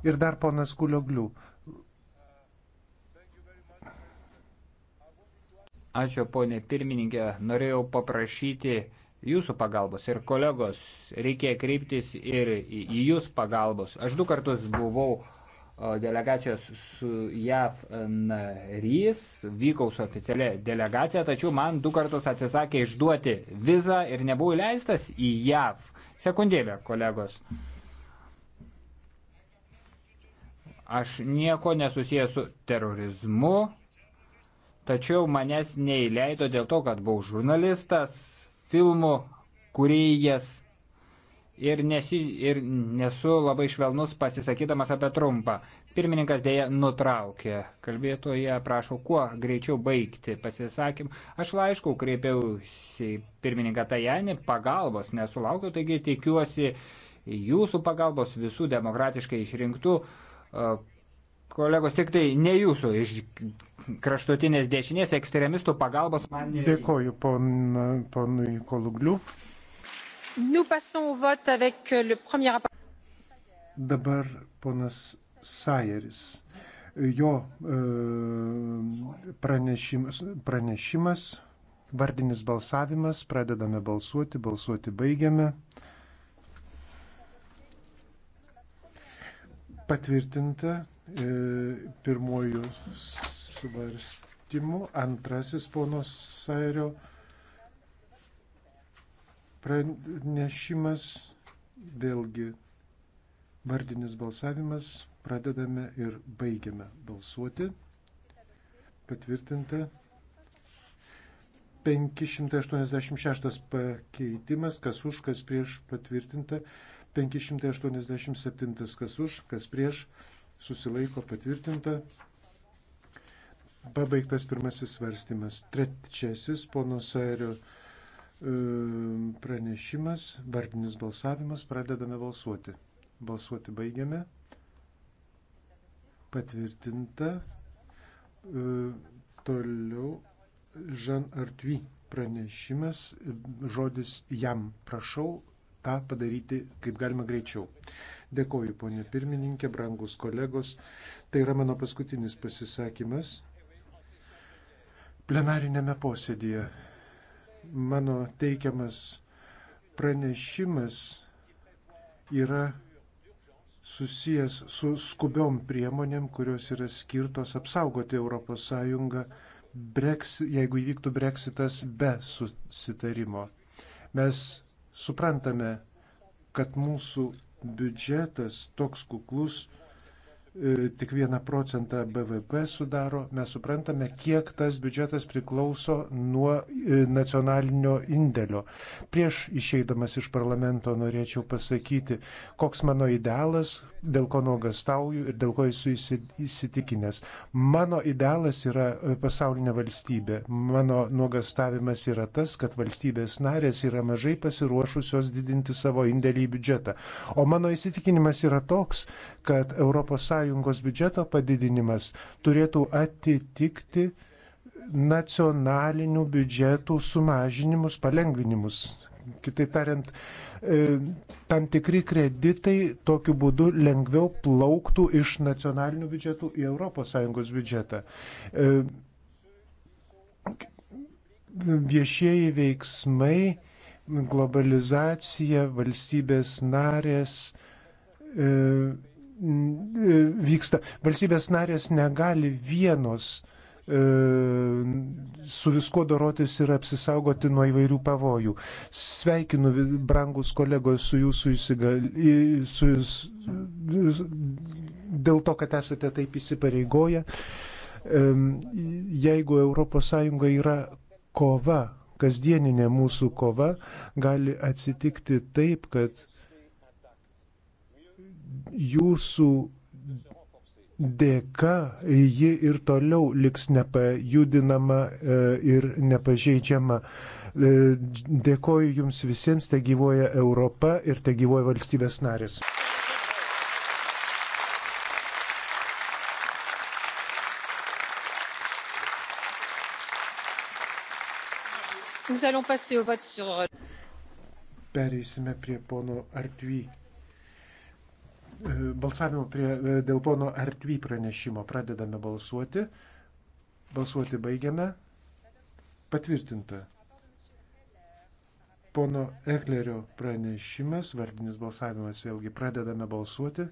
Ir dar ponas Kulioglių, Ačiū, ponė pirmininkė. Norėjau paprašyti jūsų pagalbos ir kolegos. Reikia kreiptis ir į, į jūs pagalbos. Aš du kartus buvau delegacijos su JAV narys, vykau su oficialia delegacija, tačiau man du kartus atsisakė išduoti vizą ir nebuvau leistas į JAV. Sekundėlę, kolegos. Aš nieko nesusijęs su terorizmu, tačiau manęs neįleido dėl to, kad buvau žurnalistas, filmų kūrėjas ir, nesi, ir nesu labai švelnus pasisakydamas apie trumpą. Pirmininkas dėja nutraukė. Kalbėtoje prašo kuo greičiau baigti pasisakym. Aš laišku kreipiausi pirmininką Tajanį pagalbos nesulaukiu, taigi tikiuosi jūsų pagalbos visų demokratiškai išrinktų Kolegos, tik tai ne jūsų iš kraštutinės dešinės ekstremistų pagalbos man. Dėkoju pon, ponui Kolugliu. Euh, premier... Dabar ponas Sajeris. Jo e, pranešimas, pranešimas, vardinis balsavimas, pradedame balsuoti, balsuoti baigiame. Patvirtinta E, pirmojų svarstymų, antrasis ponos Sairio pranešimas, vėlgi vardinis balsavimas, pradedame ir baigiame balsuoti. Patvirtinta. 586 pakeitimas, kas už, kas prieš patvirtinta. 587 kas už, kas prieš patvirtinta susilaiko patvirtinta. Pabaigtas pirmasis svarstymas. Trečiasis pono Sairio e, pranešimas, vardinis balsavimas, pradedame balsuoti. Balsuoti baigiame. Patvirtinta. E, toliau Žan Artvy pranešimas, žodis jam prašau, tą padaryti kaip galima greičiau. Dėkoju, ponė pirmininkė, brangus kolegos. Tai yra mano paskutinis pasisakymas plenarinėme posėdėje. Mano teikiamas pranešimas yra susijęs su skubiom priemonėm, kurios yra skirtos apsaugoti ES, breks, jeigu įvyktų breksitas be susitarimo. Mes Suprantame, kad mūsų biudžetas toks kuklus E, tik vieną procentą BVP sudaro, mes suprantame, kiek tas biudžetas priklauso nuo e, nacionalinio indėlio. Prieš išeidamas iš parlamento norėčiau pasakyti, koks mano idealas, dėl ko nuogastauju ir dėl ko esu įsitikinęs. Mano idealas yra e, pasaulinė valstybė. Mano nuogastavimas yra tas, kad valstybės narės yra mažai pasiruošusios didinti savo indėlį į biudžetą. O mano įsitikinimas yra toks, kad ES ES biudžeto padidinimas turėtų atitikti nacionalinių biudžetų sumažinimus, palengvinimus. Kitaip tariant, e, tam tikri kreditai tokiu būdu lengviau plauktų iš nacionalinių biudžetų į ES biudžetą. E, viešieji veiksmai, globalizacija, valstybės narės, e, E, vyksta. Valstybės narės negali vienos e, su visko dorotis ir apsisaugoti nuo įvairių pavojų. Sveikinu, brangus kolegos, su jūsų įsigali, su jūs, dėl to, kad esate taip įsipareigoję. Jeigu ES yra kova, kasdieninė mūsų kova, gali atsitikti taip, kad jūsų dėka ji ir toliau liks nepajudinama e, ir nepažeidžiama. E, dėkoju Jums visiems, te gyvoja Europa ir te gyvoja valstybės narės. Pereisime prie pono Artvy E, balsavimo prie, e, dėl pono Artvy pranešimo. Pradedame balsuoti. Balsuoti baigiame. Patvirtinta. Pono Eklerio pranešimas, vardinis balsavimas vėlgi pradedame balsuoti.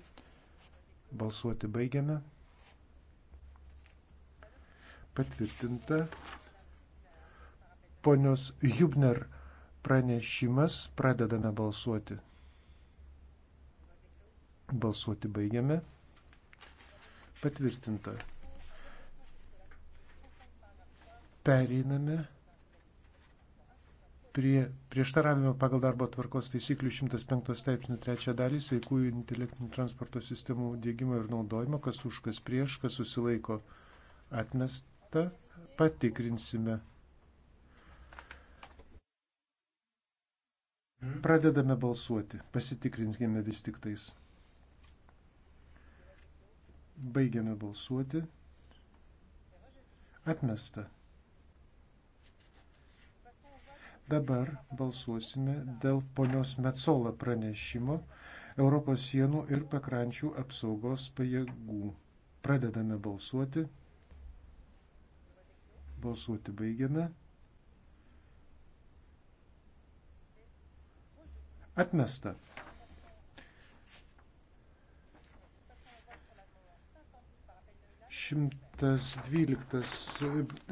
Balsuoti baigiame. Patvirtinta. Ponios Jubner pranešimas, pradedame balsuoti. Balsuoti baigiame. Patvirtinta. Pereiname prie prieštaravimo pagal darbo tvarkos taisyklių 105 straipsnių 3 dalį sveikųjų intelektinių transporto sistemų dėgymo ir naudojimo, kas už, kas prieš, kas susilaiko atmesta, patikrinsime. Pradedame balsuoti, pasitikrinskime vis tik tais. Baigiame balsuoti. Atmesta. Dabar balsuosime dėl ponios Metsola pranešimo Europos sienų ir pakrančių apsaugos pajėgų. Pradedame balsuoti. Balsuoti baigiame. Atmesta. 112,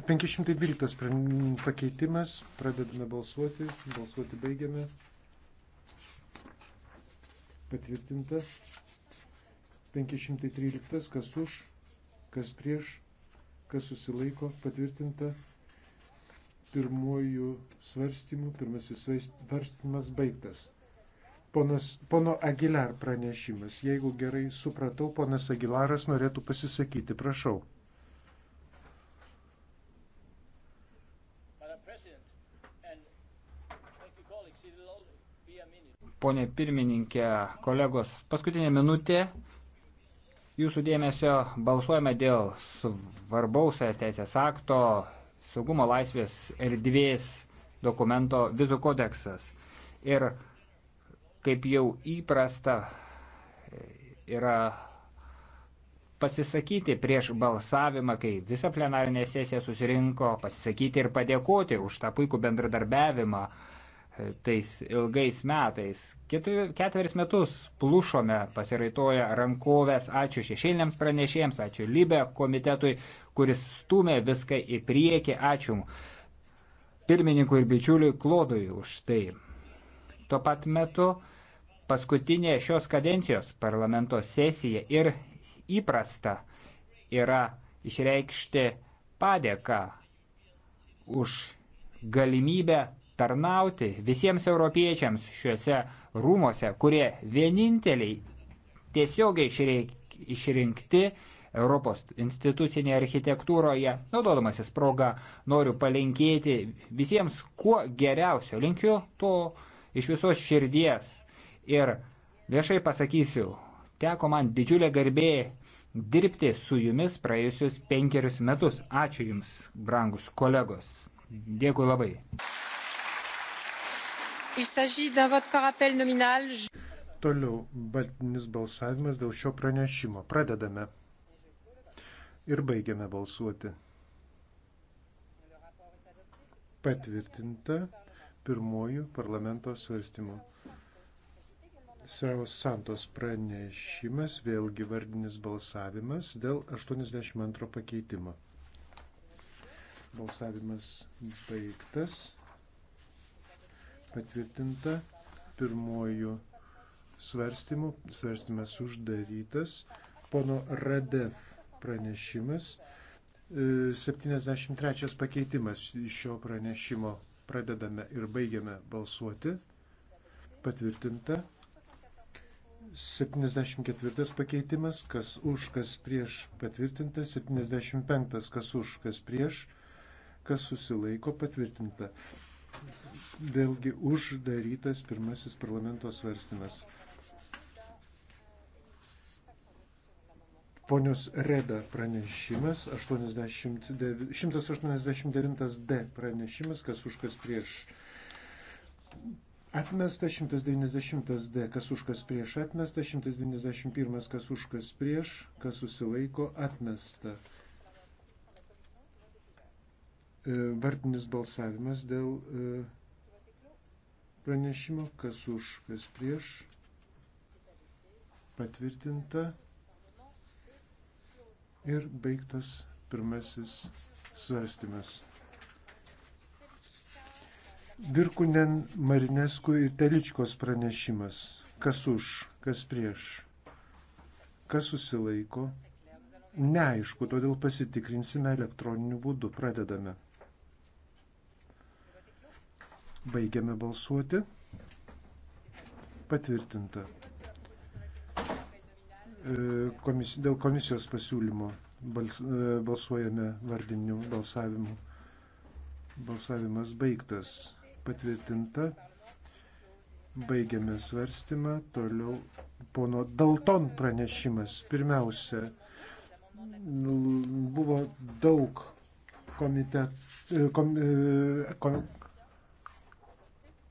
512 pakeitimas. Pradedame balsuoti. Balsuoti baigiame. Patvirtinta. 513. Kas už, kas prieš, kas susilaiko. Patvirtinta. Pirmojų svarstymų. Pirmasis svarstymas baigtas. Ponas, pono Agilar pranešimas. Jeigu gerai supratau, ponas Agilaras norėtų pasisakyti. Prašau. Pone pirmininkė, kolegos, paskutinė minutė. Jūsų dėmesio balsuojame dėl svarbaus teisės akto, saugumo laisvės erdvės dokumento vizų kodeksas. Ir kaip jau įprasta, yra pasisakyti prieš balsavimą, kai visa plenarinė sesija susirinko, pasisakyti ir padėkoti už tą puikų bendradarbiavimą e, tais ilgais metais. Ketveris metus plušome, pasiraitoja rankovės, ačiū šešėliniams pranešėjams, ačiū Libe komitetui, kuris stumė viską į priekį, ačiū pirmininkui ir bičiuliui Klodui už tai. Tuo pat metu paskutinė šios kadencijos parlamento sesija ir įprasta yra išreikšti padėką už galimybę tarnauti visiems europiečiams šiuose rūmose, kurie vieninteliai tiesiogiai išrinkti Europos institucinėje architektūroje. Naudodamasis proga noriu palinkėti visiems kuo geriausio. Linkiu to iš visos širdies Ir viešai pasakysiu, teko man didžiulė garbė dirbti su jumis praėjusius penkerius metus. Ačiū jums, brangus kolegos. Dėkui labai. Toliau baltinis balsavimas dėl šio pranešimo. Pradedame. Ir baigiame balsuoti. Patvirtinta pirmojų parlamento svarstymų. Sraus Santos pranešimas, vėlgi vardinis balsavimas dėl 82 pakeitimo. Balsavimas baigtas, patvirtinta pirmojų svarstymų, svarstymas uždarytas. Pono Radev pranešimas, 73 e, pakeitimas iš šio pranešimo pradedame ir baigiame balsuoti. Patvirtinta. 74 pakeitimas, kas už, kas prieš patvirtinta, 75 kas už, kas prieš, kas susilaiko patvirtinta. Vėlgi uždarytas pirmasis parlamento svarstymas. Ponios Reda pranešimas, 89, 189D pranešimas, kas už, kas prieš Atmesta 190D, kas už kas prieš, atmesta 191, kas už kas prieš, kas susilaiko, atmesta. E, vardinis balsavimas dėl e, pranešimo, kas už kas prieš, patvirtinta ir baigtas pirmasis svarstymas. Birkunen, Marinesku ir Teličkos pranešimas. Kas už, kas prieš, kas susilaiko. Neaišku, todėl pasitikrinsime elektroniniu būdu. Pradedame. Baigiame balsuoti. Patvirtinta. E, komis, dėl komisijos pasiūlymo bals, e, balsuojame vardiniu balsavimu. Balsavimas baigtas patvirtinta. Baigiame svarstymą. Toliau pono Dalton pranešimas. Pirmiausia, buvo daug komite, e, kom, e, kom,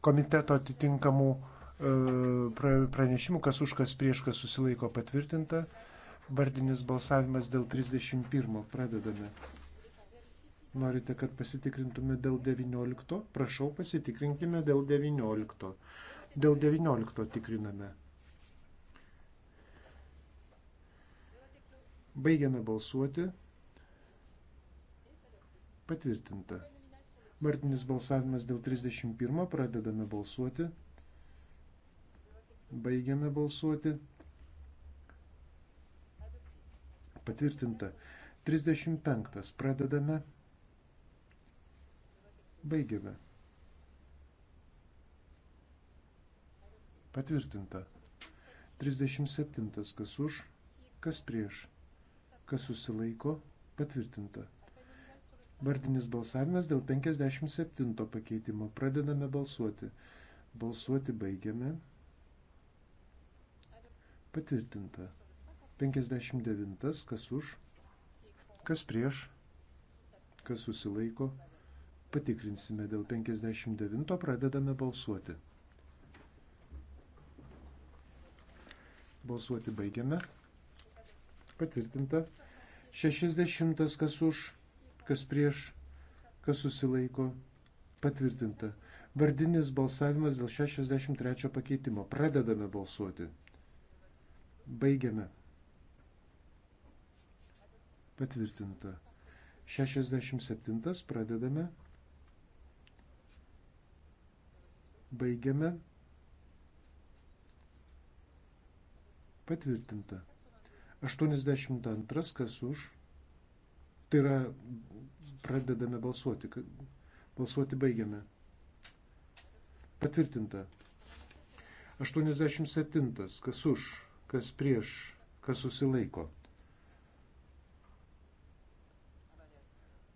komiteto atitinkamų e, pranešimų, kas už kas prieš kas susilaiko patvirtinta. Vardinis balsavimas dėl 31. Pradedame. Norite, kad pasitikrintume dėl 19? Prašau, pasitikrinkime dėl 19. Dėl 19 tikriname. Baigiame balsuoti. Patvirtinta. Vardinis balsavimas dėl 31. Pradedame balsuoti. Baigiame balsuoti. Patvirtinta. 35. Pradedame balsuoti. Baigiame. Patvirtinta. 37. Kas už, kas prieš, kas susilaiko, patvirtinta. Vardinis balsavimas dėl 57 pakeitimo. Pradedame balsuoti. Balsuoti baigiame. Patvirtinta. 59. Kas už, kas prieš, kas susilaiko, patvirtinta Patikrinsime dėl 59, pradedame balsuoti. Balsuoti baigiame. Patvirtinta. 60 kas už, kas prieš, kas susilaiko. Patvirtinta. Vardinis balsavimas dėl 63 pakeitimo. Pradedame balsuoti. Baigiame. Patvirtinta. 67 pradedame. Baigiame. Patvirtinta. 82. Kas už? Tai yra pradedame balsuoti. Balsuoti baigiame. Patvirtinta. 87. Kas už, kas prieš, kas susilaiko.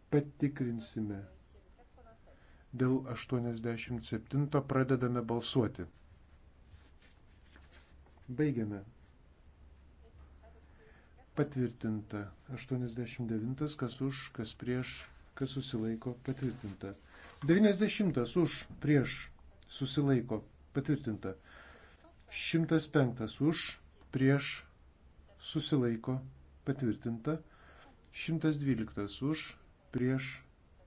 Patikrinsime. Dėl 87 pradedame balsuoti. Baigiame. Patvirtinta. 89. Kas už, kas prieš, kas susilaiko. Patvirtinta. 90. Už, prieš, susilaiko. Patvirtinta. 105. Už, prieš, susilaiko. Patvirtinta. 112. Už, prieš,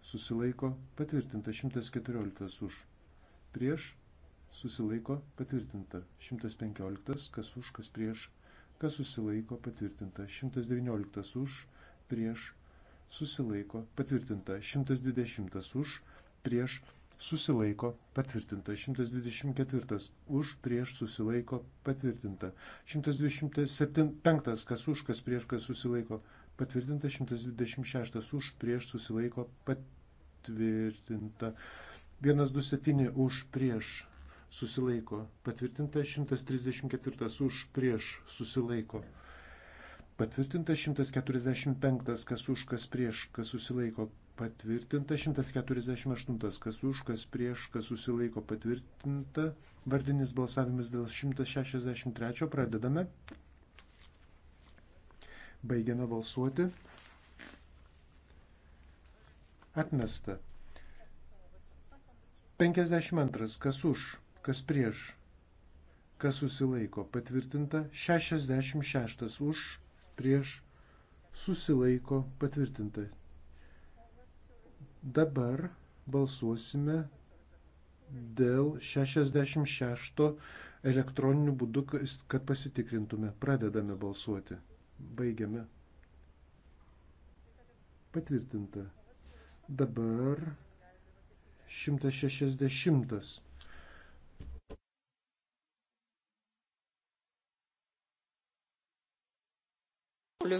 susilaiko patvirtinta 114 už, prieš susilaiko patvirtinta 115, kas už, kas prieš, kas susilaiko patvirtinta 119 už, prieš susilaiko patvirtinta 120 už, prieš susilaiko patvirtinta 124 už, prieš susilaiko patvirtinta 125, kas už, kas prieš, kas susilaiko patvirtinta patvirtinta 126 už, prieš susilaiko patvirtinta 127 už, prieš susilaiko patvirtinta 134 už, prieš susilaiko. Patvirtinta 145, kas už, kas prieš, kas susilaiko. Patvirtinta 148, kas už, kas prieš, kas susilaiko. Patvirtinta vardinis balsavimas dėl 163. Pradedame. Baigiame balsuoti. Atmesta. 52. Kas už, kas prieš, kas susilaiko. Patvirtinta. 66. Už, prieš, susilaiko. Patvirtinta. Dabar balsuosime dėl 66 elektroniniu būdu, kad pasitikrintume. Pradedame balsuoti. Baigiame. Patvirtinta. Dabar 160. Le,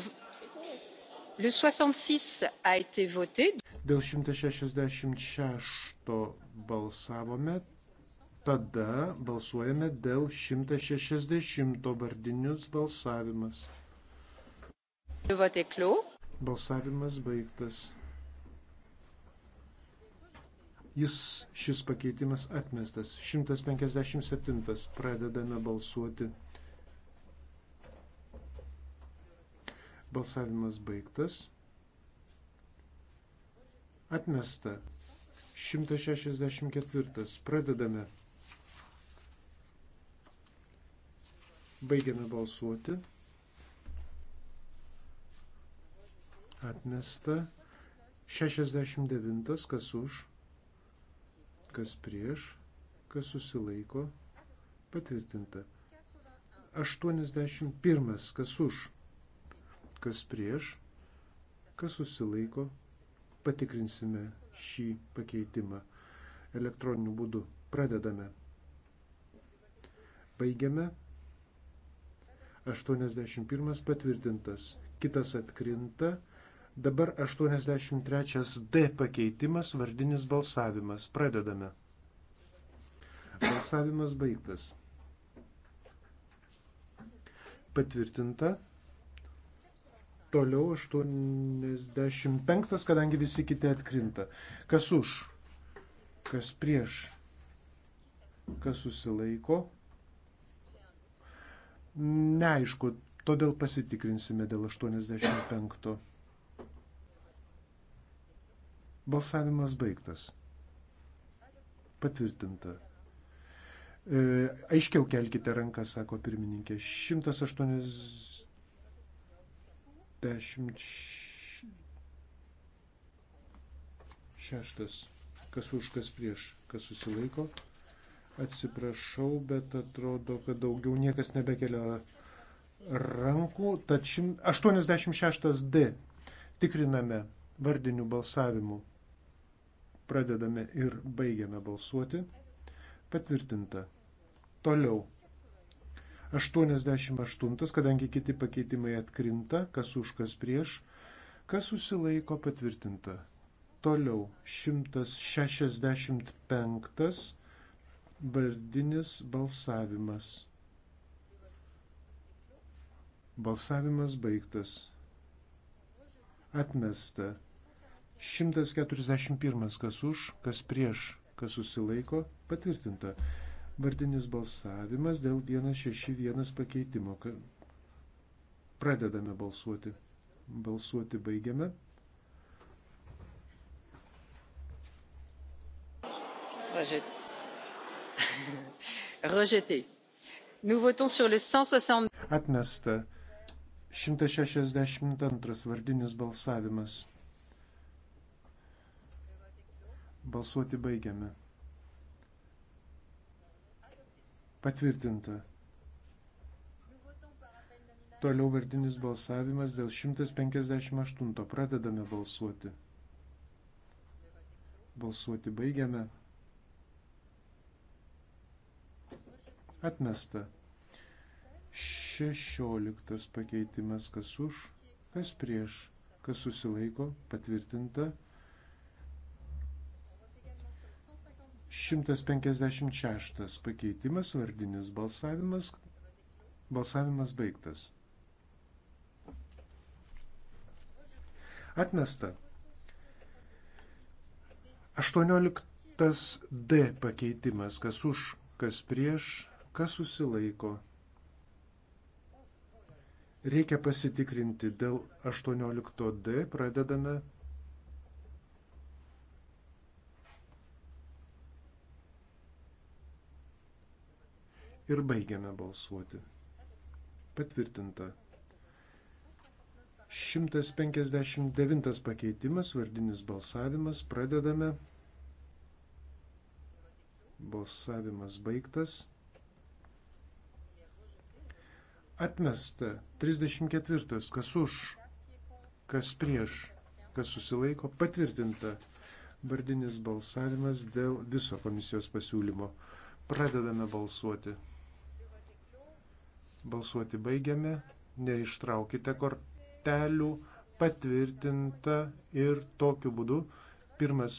le 66 a été voté. Dėl 166 balsavome, tada balsuojame dėl 160 vardinius balsavimas. Balsavimas baigtas. Jis šis pakeitimas atmestas. 157. Pradedame balsuoti. Balsavimas baigtas. Atmesta. 164. Pradedame. Baigiame balsuoti. Atmesta. 69. Kas už, kas prieš, kas susilaiko. Patvirtinta. 81. Kas už, kas prieš, kas susilaiko. Patikrinsime šį pakeitimą elektroniniu būdu. Pradedame. Baigiame. 81 patvirtintas. Kitas atkrinta. Dabar 83D pakeitimas, vardinis balsavimas. Pradedame. Balsavimas baigtas. Patvirtinta. Toliau 85, kadangi visi kiti atkrinta. Kas už? Kas prieš? Kas susilaiko? Neaišku, todėl pasitikrinsime dėl 85. Balsavimas baigtas. Patvirtinta. E, aiškiau kelkite ranką, sako pirmininkė. 186. Kas už, kas prieš, kas susilaiko. Atsiprašau, bet atrodo, kad daugiau niekas nebekelia rankų. Tad 86D tikriname vardinių balsavimų. Pradedame ir baigiame balsuoti. Patvirtinta. Toliau. 88, kadangi kiti pakeitimai atkrinta, kas už, kas prieš, kas susilaiko patvirtinta. Toliau 165 vardinis balsavimas. Balsavimas baigtas. Atmesta. 141. Kas už, kas prieš, kas susilaiko, patvirtinta. Vardinis balsavimas dėl 161 pakeitimo. Pradedame balsuoti. Balsuoti baigiame. [laughs] rejeté. Nous votons sur le 160. Atmesta 162 vardinis balsavimas. Balsuoti baigiame. Patvirtinta. Toliau vardinis balsavimas dėl 158. Pradedame balsuoti. Balsuoti baigiame. Atmesta. 16 pakeitimas kas už, kas prieš, kas susilaiko, patvirtinta. 156 pakeitimas, vardinis balsavimas. Balsavimas baigtas. Atmesta. 18 D pakeitimas, kas už, kas prieš, kas susilaiko. Reikia pasitikrinti dėl 18 D, pradedame ir baigiame balsuoti. Patvirtinta. 159 pakeitimas, vardinis balsavimas, pradedame. Balsavimas baigtas. Atmesta 34. Kas už, kas prieš, kas susilaiko, patvirtinta vardinis balsavimas dėl viso komisijos pasiūlymo. Pradedame balsuoti. Balsuoti baigiame. Neištraukite kortelių. Patvirtinta ir tokiu būdu pirmas